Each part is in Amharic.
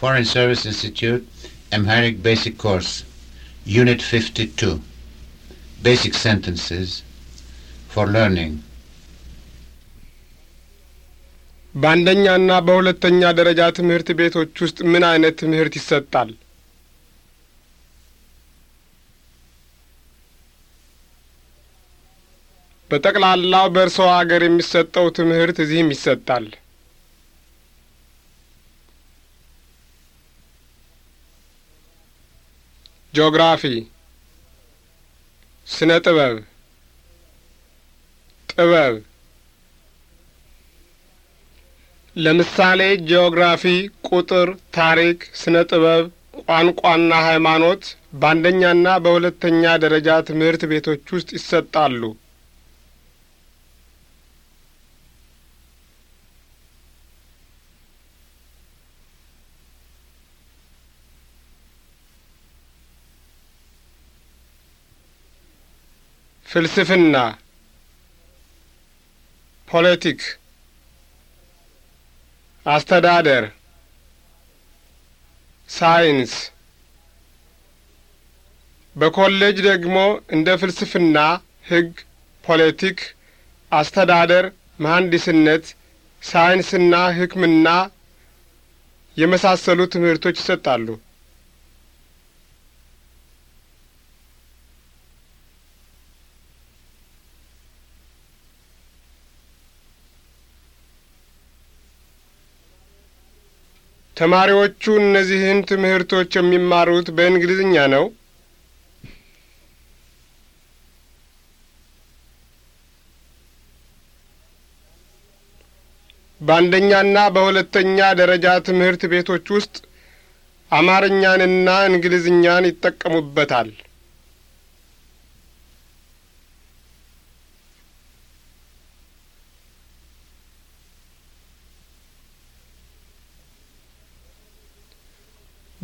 Foreign Service Institute Amharic Basic Course Unit 52 Basic Sentences for Learning በአንደኛና በሁለተኛ ደረጃ ትምህርት ቤቶች ውስጥ ምን አይነት ትምህርት ይሰጣል? በጠቅላላው በእርስዎ አገር የሚሰጠው ትምህርት እዚህም ይሰጣል። ጂኦግራፊ፣ ስነ ጥበብ፣ ጥበብ። ለምሳሌ ጂኦግራፊ፣ ቁጥር፣ ታሪክ፣ ስነ ጥበብ፣ ቋንቋና ሃይማኖት በአንደኛና በሁለተኛ ደረጃ ትምህርት ቤቶች ውስጥ ይሰጣሉ። ፍልስፍና፣ ፖለቲክ፣ አስተዳደር፣ ሳይንስ። በኮሌጅ ደግሞ እንደ ፍልስፍና፣ ሕግ፣ ፖለቲክ፣ አስተዳደር፣ መሐንዲስነት፣ ሳይንስና ሕክምና የመሳሰሉ ትምህርቶች ይሰጣሉ። ተማሪዎቹ እነዚህን ትምህርቶች የሚማሩት በእንግሊዝኛ ነው? በአንደኛና በሁለተኛ ደረጃ ትምህርት ቤቶች ውስጥ አማርኛንና እንግሊዝኛን ይጠቀሙበታል።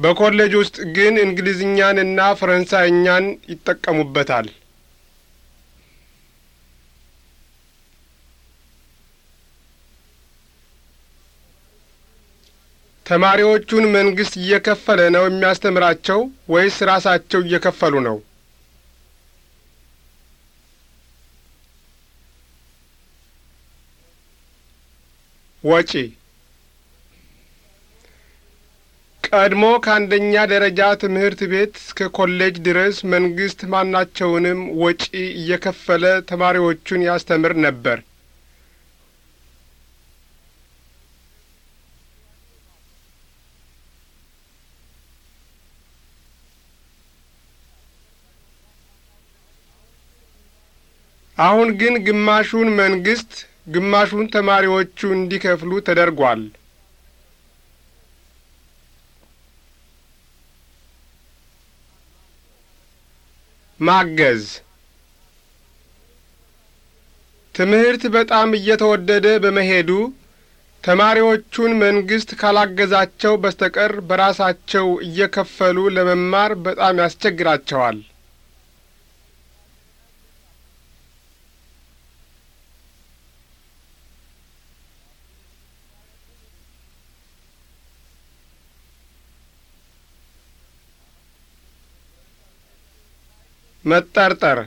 በኮሌጅ ውስጥ ግን እንግሊዝኛን እና ፈረንሳይኛን ይጠቀሙበታል። ተማሪዎቹን መንግስት እየከፈለ ነው የሚያስተምራቸው ወይስ ራሳቸው እየከፈሉ ነው? ወጪ ቀድሞ ከአንደኛ ደረጃ ትምህርት ቤት እስከ ኮሌጅ ድረስ መንግስት ማናቸውንም ወጪ እየከፈለ ተማሪዎቹን ያስተምር ነበር። አሁን ግን ግማሹን መንግስት ግማሹን ተማሪዎቹ እንዲከፍሉ ተደርጓል። ማገዝ ትምህርት በጣም እየተወደደ በመሄዱ ተማሪዎቹን መንግስት ካላገዛቸው በስተቀር በራሳቸው እየከፈሉ ለመማር በጣም ያስቸግራቸዋል። መጠርጠር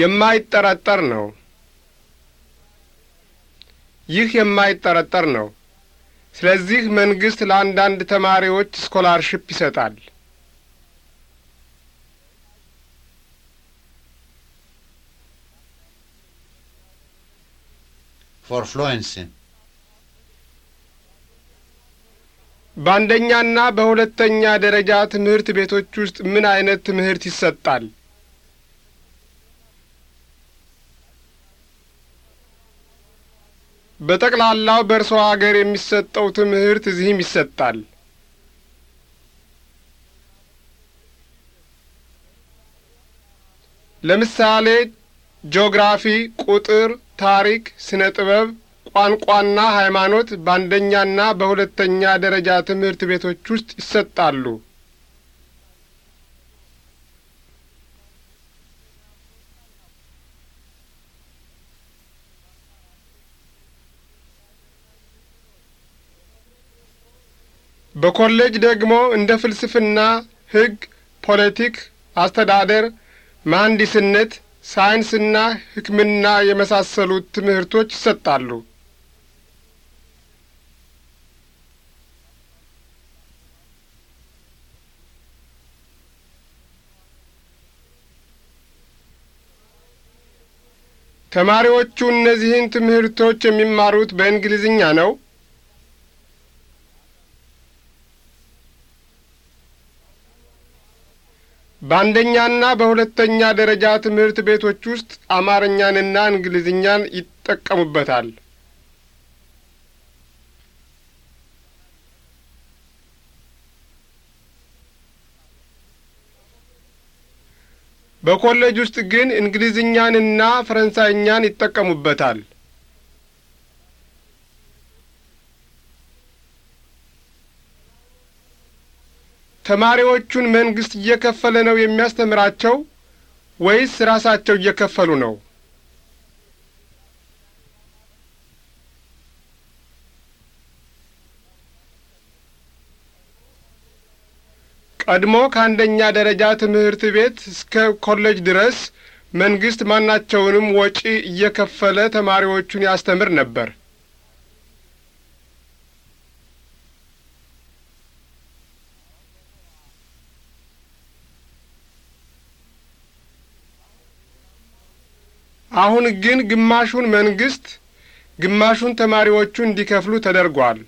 የማይጠረጠር ነው። ይህ የማይጠረጠር ነው። ስለዚህ መንግሥት ለአንዳንድ ተማሪዎች ስኮላርሽፕ ይሰጣል። ፎር ፍሉዌንሲ በአንደኛና በሁለተኛ ደረጃ ትምህርት ቤቶች ውስጥ ምን አይነት ትምህርት ይሰጣል? በጠቅላላው በእርሶ አገር የሚሰጠው ትምህርት እዚህም ይሰጣል። ለምሳሌ ጂኦግራፊ፣ ቁጥር፣ ታሪክ፣ ስነ ጥበብ ቋንቋና ሃይማኖት በአንደኛና በሁለተኛ ደረጃ ትምህርት ቤቶች ውስጥ ይሰጣሉ። በኮሌጅ ደግሞ እንደ ፍልስፍና፣ ሕግ፣ ፖለቲክ፣ አስተዳደር፣ መሐንዲስነት፣ ሳይንስና ሕክምና የመሳሰሉት ትምህርቶች ይሰጣሉ። ተማሪዎቹ እነዚህን ትምህርቶች የሚማሩት በእንግሊዝኛ ነው? በአንደኛና በሁለተኛ ደረጃ ትምህርት ቤቶች ውስጥ አማርኛንና እንግሊዝኛን ይጠቀሙበታል። በኮሌጅ ውስጥ ግን እንግሊዝኛንና ፈረንሳይኛን ይጠቀሙበታል። ተማሪዎቹን መንግስት እየከፈለ ነው የሚያስተምራቸው ወይስ ራሳቸው እየከፈሉ ነው? ቀድሞ ከአንደኛ ደረጃ ትምህርት ቤት እስከ ኮሌጅ ድረስ መንግስት ማናቸውንም ወጪ እየከፈለ ተማሪዎቹን ያስተምር ነበር። አሁን ግን ግማሹን መንግስት ግማሹን ተማሪዎቹ እንዲከፍሉ ተደርጓል።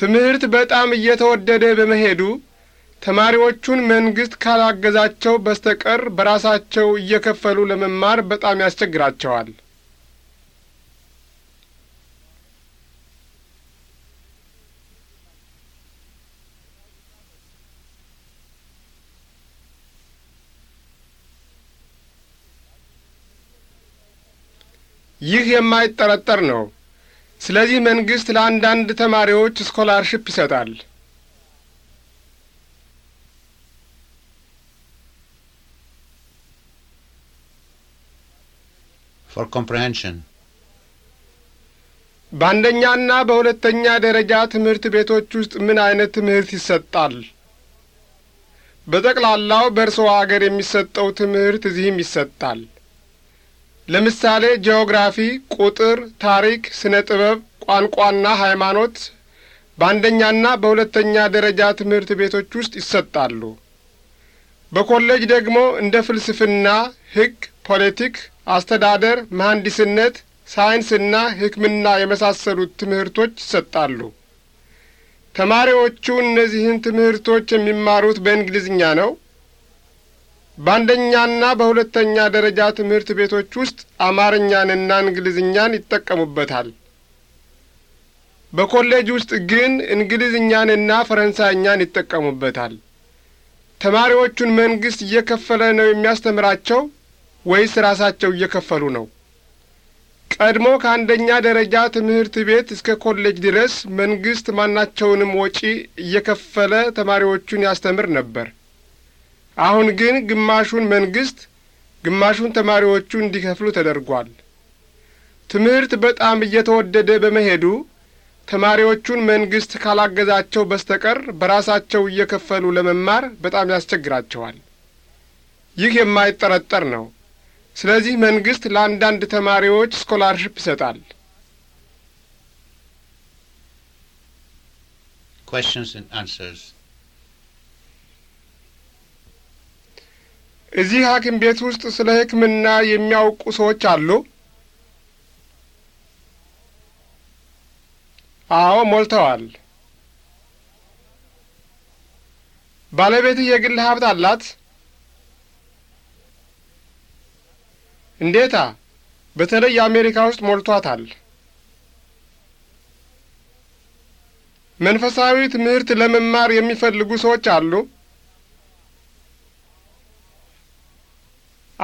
ትምህርት በጣም እየተወደደ በመሄዱ ተማሪዎቹን መንግሥት ካላገዛቸው በስተቀር በራሳቸው እየከፈሉ ለመማር በጣም ያስቸግራቸዋል። ይህ የማይጠረጠር ነው። ስለዚህ መንግስት ለአንዳንድ ተማሪዎች ስኮላርሽፕ ይሰጣል። for comprehension በአንደኛና በሁለተኛ ደረጃ ትምህርት ቤቶች ውስጥ ምን አይነት ትምህርት ይሰጣል? በጠቅላላው በእርስዎ አገር የሚሰጠው ትምህርት እዚህም ይሰጣል። ለምሳሌ ጂኦግራፊ፣ ቁጥር፣ ታሪክ፣ ስነ ጥበብ፣ ቋንቋና ሃይማኖት በአንደኛና በሁለተኛ ደረጃ ትምህርት ቤቶች ውስጥ ይሰጣሉ። በኮሌጅ ደግሞ እንደ ፍልስፍና፣ ሕግ፣ ፖለቲክ፣ አስተዳደር፣ መሐንዲስነት፣ ሳይንስና ሕክምና የመሳሰሉት ትምህርቶች ይሰጣሉ። ተማሪዎቹ እነዚህን ትምህርቶች የሚማሩት በእንግሊዝኛ ነው። በአንደኛና በሁለተኛ ደረጃ ትምህርት ቤቶች ውስጥ አማርኛንና እንግሊዝኛን ይጠቀሙበታል። በኮሌጅ ውስጥ ግን እንግሊዝኛንና ፈረንሳይኛን ይጠቀሙበታል። ተማሪዎቹን መንግሥት እየከፈለ ነው የሚያስተምራቸው ወይስ ራሳቸው እየከፈሉ ነው? ቀድሞ ከአንደኛ ደረጃ ትምህርት ቤት እስከ ኮሌጅ ድረስ መንግሥት ማናቸውንም ወጪ እየከፈለ ተማሪዎቹን ያስተምር ነበር። አሁን ግን ግማሹን መንግስት ግማሹን ተማሪዎቹ እንዲከፍሉ ተደርጓል። ትምህርት በጣም እየተወደደ በመሄዱ ተማሪዎቹን መንግስት ካላገዛቸው በስተቀር በራሳቸው እየከፈሉ ለመማር በጣም ያስቸግራቸዋል። ይህ የማይጠረጠር ነው። ስለዚህ መንግስት ለአንዳንድ ተማሪዎች ስኮላርሽፕ ይሰጣል። Questions and answers. እዚህ ሐኪም ቤት ውስጥ ስለ ሕክምና የሚያውቁ ሰዎች አሉ? አዎ፣ ሞልተዋል። ባለቤትህ የግል ሀብት አላት? እንዴታ! በተለይ አሜሪካ ውስጥ ሞልቷታል። መንፈሳዊ ትምህርት ለመማር የሚፈልጉ ሰዎች አሉ?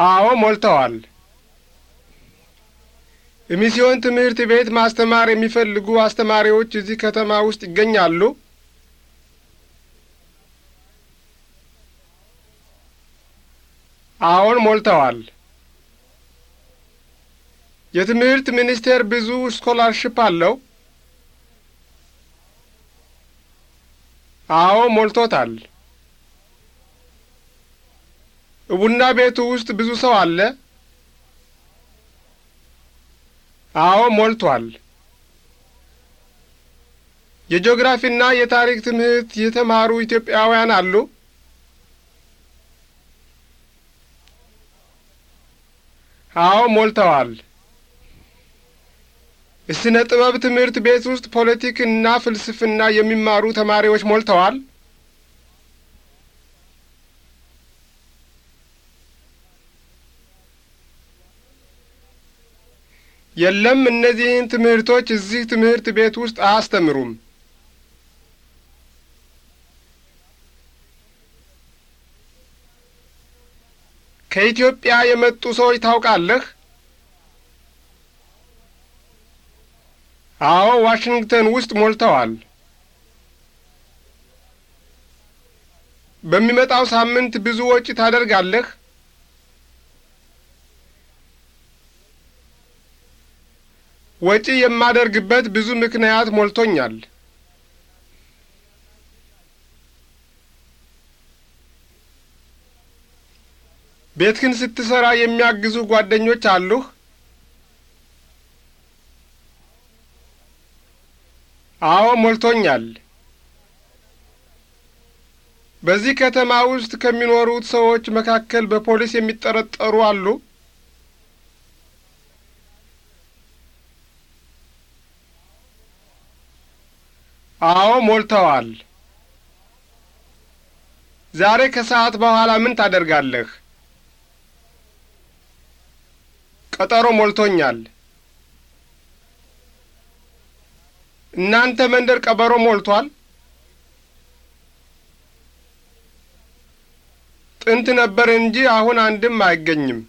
አዎ ሞልተዋል። የሚስዮን ትምህርት ቤት ማስተማር የሚፈልጉ አስተማሪዎች እዚህ ከተማ ውስጥ ይገኛሉ? አዎን ሞልተዋል። የትምህርት ሚኒስቴር ብዙ ስኮላርሽፕ አለው? አዎ ሞልቶታል። ቡና ቤቱ ውስጥ ብዙ ሰው አለ? አዎ ሞልቷል። የጂኦግራፊና የታሪክ ትምህርት የተማሩ ኢትዮጵያውያን አሉ? አዎ ሞልተዋል። የሥነ ጥበብ ትምህርት ቤት ውስጥ ፖለቲክና ፍልስፍና የሚማሩ ተማሪዎች ሞልተዋል? የለም እነዚህን ትምህርቶች እዚህ ትምህርት ቤት ውስጥ አያስተምሩም። ከኢትዮጵያ የመጡ ሰዎች ታውቃለህ? አዎ፣ ዋሽንግተን ውስጥ ሞልተዋል። በሚመጣው ሳምንት ብዙ ወጪ ታደርጋለህ? ወጪ የማደርግበት ብዙ ምክንያት ሞልቶኛል። ቤትህን ስትሰራ የሚያግዙ ጓደኞች አሉህ? አዎ፣ ሞልቶኛል። በዚህ ከተማ ውስጥ ከሚኖሩት ሰዎች መካከል በፖሊስ የሚጠረጠሩ አሉ? አዎ ሞልተዋል። ዛሬ ከሰዓት በኋላ ምን ታደርጋለህ? ቀጠሮ ሞልቶኛል። እናንተ መንደር ቀበሮ ሞልቷል? ጥንት ነበር እንጂ አሁን አንድም አይገኝም።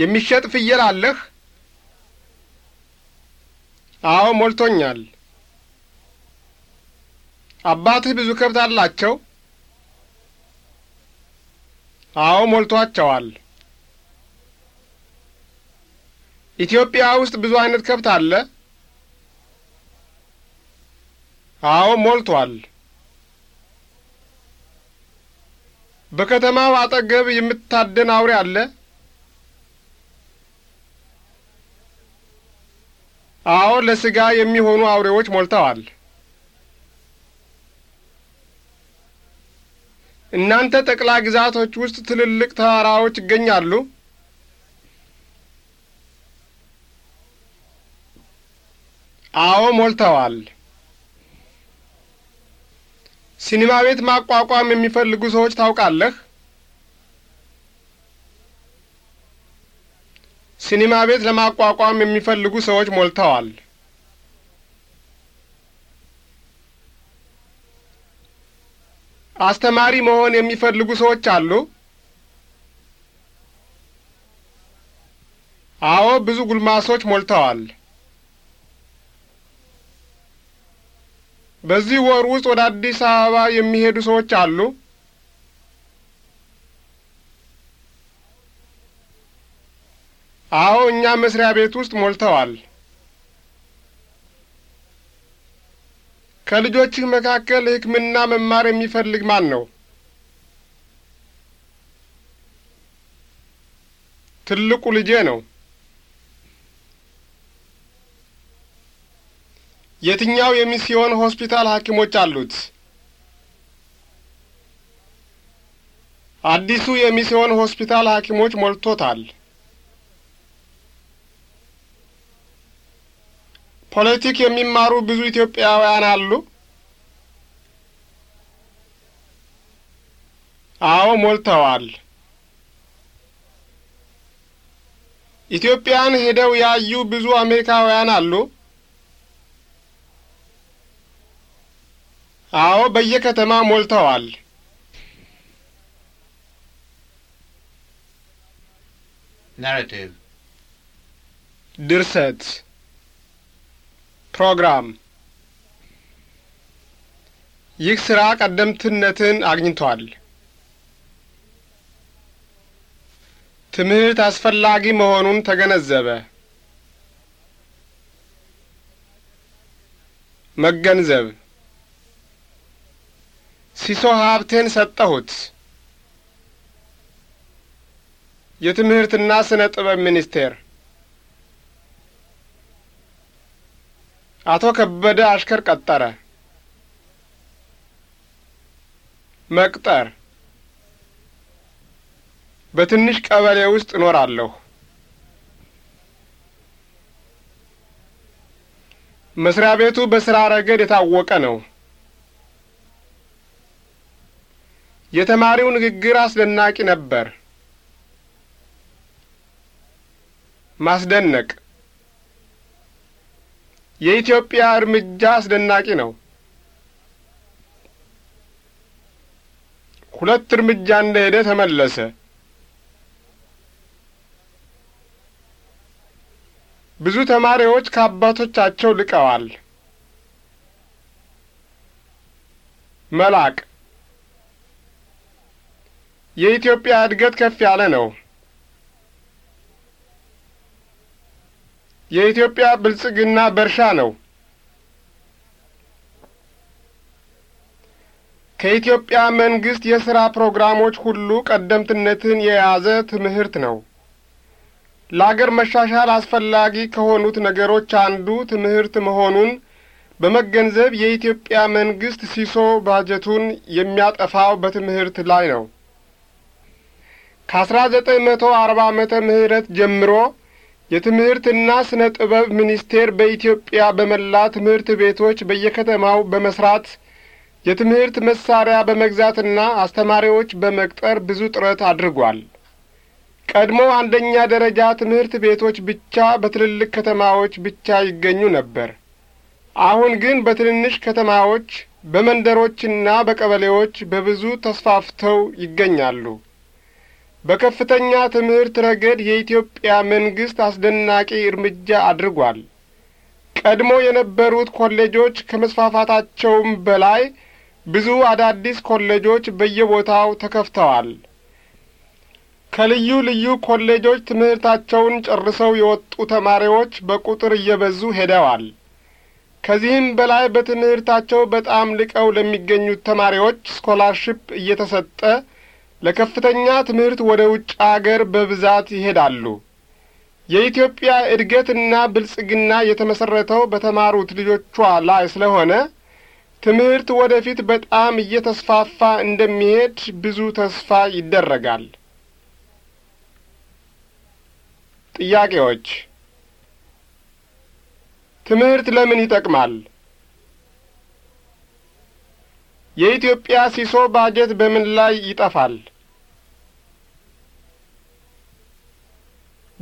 የሚሸጥ ፍየል አለህ? አዎ ሞልቶኛል። አባትህ ብዙ ከብት አላቸው? አዎ ሞልቷቸዋል። ኢትዮጵያ ውስጥ ብዙ አይነት ከብት አለ? አዎ ሞልቷል። በከተማው አጠገብ የምታደን አውሬ አለ? አዎ ለስጋ የሚሆኑ አውሬዎች ሞልተዋል። እናንተ ጠቅላይ ግዛቶች ውስጥ ትልልቅ ተራራዎች ይገኛሉ? አዎ ሞልተዋል። ሲኒማ ቤት ማቋቋም የሚፈልጉ ሰዎች ታውቃለህ? ሲኒማ ቤት ለማቋቋም የሚፈልጉ ሰዎች ሞልተዋል። አስተማሪ መሆን የሚፈልጉ ሰዎች አሉ? አዎ፣ ብዙ ጉልማሶች ሞልተዋል። በዚህ ወር ውስጥ ወደ አዲስ አበባ የሚሄዱ ሰዎች አሉ? አዎ እኛ መስሪያ ቤት ውስጥ ሞልተዋል። ከልጆችህ መካከል ሕክምና መማር የሚፈልግ ማን ነው? ትልቁ ልጄ ነው። የትኛው የሚስዮን ሆስፒታል ሐኪሞች አሉት? አዲሱ የሚስዮን ሆስፒታል ሐኪሞች ሞልቶታል። ፖለቲክ የሚማሩ ብዙ ኢትዮጵያውያን አሉ? አዎ ሞልተዋል። ኢትዮጵያን ሄደው ያዩ ብዙ አሜሪካውያን አሉ? አዎ በየከተማ ሞልተዋል። ናሬቲቭ ድርሰት ፕሮግራም ይህ ስራ ቀደምትነትን አግኝቷል። ትምህርት አስፈላጊ መሆኑን ተገነዘበ። መገንዘብ ሲሶ ሀብቴን ሰጠሁት። የትምህርትና ስነ ጥበብ ሚኒስቴር አቶ ከበደ አሽከር ቀጠረ። መቅጠር በትንሽ ቀበሌ ውስጥ እኖራለሁ። መስሪያ ቤቱ በስራ ረገድ የታወቀ ነው። የተማሪው ንግግር አስደናቂ ነበር። ማስደነቅ የኢትዮጵያ እርምጃ አስደናቂ ነው። ሁለት እርምጃ እንደሄደ ተመለሰ። ብዙ ተማሪዎች ከአባቶቻቸው ልቀዋል። መላቅ የኢትዮጵያ እድገት ከፍ ያለ ነው። የኢትዮጵያ ብልጽግና በእርሻ ነው። ከኢትዮጵያ መንግሥት የሥራ ፕሮግራሞች ሁሉ ቀደምትነትን የያዘ ትምህርት ነው። ለአገር መሻሻል አስፈላጊ ከሆኑት ነገሮች አንዱ ትምህርት መሆኑን በመገንዘብ የኢትዮጵያ መንግሥት ሲሶ ባጀቱን የሚያጠፋው በትምህርት ላይ ነው። ከአስራ ዘጠኝ መቶ አርባ ዓመተ ምህረት ጀምሮ የትምህርትና ስነ ጥበብ ሚኒስቴር በኢትዮጵያ በመላ ትምህርት ቤቶች በየከተማው በመስራት የትምህርት መሳሪያ በመግዛትና አስተማሪዎች በመቅጠር ብዙ ጥረት አድርጓል። ቀድሞ አንደኛ ደረጃ ትምህርት ቤቶች ብቻ በትልልቅ ከተማዎች ብቻ ይገኙ ነበር። አሁን ግን በትንንሽ ከተማዎች፣ በመንደሮችና በቀበሌዎች በብዙ ተስፋፍተው ይገኛሉ። በከፍተኛ ትምህርት ረገድ የኢትዮጵያ መንግስት አስደናቂ እርምጃ አድርጓል። ቀድሞ የነበሩት ኮሌጆች ከመስፋፋታቸውም በላይ ብዙ አዳዲስ ኮሌጆች በየቦታው ተከፍተዋል። ከልዩ ልዩ ኮሌጆች ትምህርታቸውን ጨርሰው የወጡ ተማሪዎች በቁጥር እየበዙ ሄደዋል። ከዚህም በላይ በትምህርታቸው በጣም ልቀው ለሚገኙት ተማሪዎች ስኮላርሽፕ እየተሰጠ ለከፍተኛ ትምህርት ወደ ውጭ አገር በብዛት ይሄዳሉ። የኢትዮጵያ እድገትና ብልጽግና የተመሠረተው በተማሩት ልጆቿ ላይ ስለሆነ ትምህርት ወደፊት በጣም እየተስፋፋ እንደሚሄድ ብዙ ተስፋ ይደረጋል። ጥያቄዎች። ትምህርት ለምን ይጠቅማል? የኢትዮጵያ ሲሶ ባጀት በምን ላይ ይጠፋል?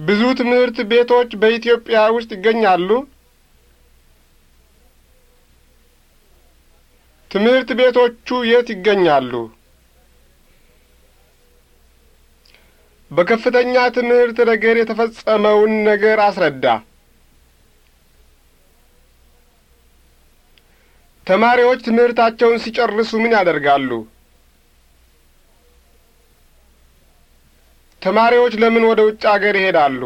ብዙ ትምህርት ቤቶች በኢትዮጵያ ውስጥ ይገኛሉ? ትምህርት ቤቶቹ የት ይገኛሉ? በከፍተኛ ትምህርት ነገር የተፈጸመውን ነገር አስረዳ። ተማሪዎች ትምህርታቸውን ሲጨርሱ ምን ያደርጋሉ? ተማሪዎች ለምን ወደ ውጭ አገር ይሄዳሉ?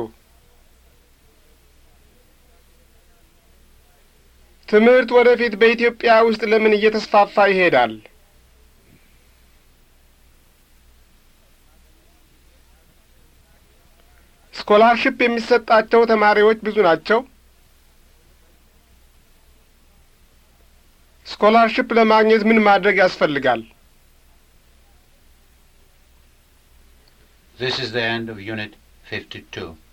ትምህርት ወደፊት በኢትዮጵያ ውስጥ ለምን እየተስፋፋ ይሄዳል? ስኮላርሽፕ የሚሰጣቸው ተማሪዎች ብዙ ናቸው? ስኮላርሽፕ ለማግኘት ምን ማድረግ ያስፈልጋል? This is the end of Unit 52.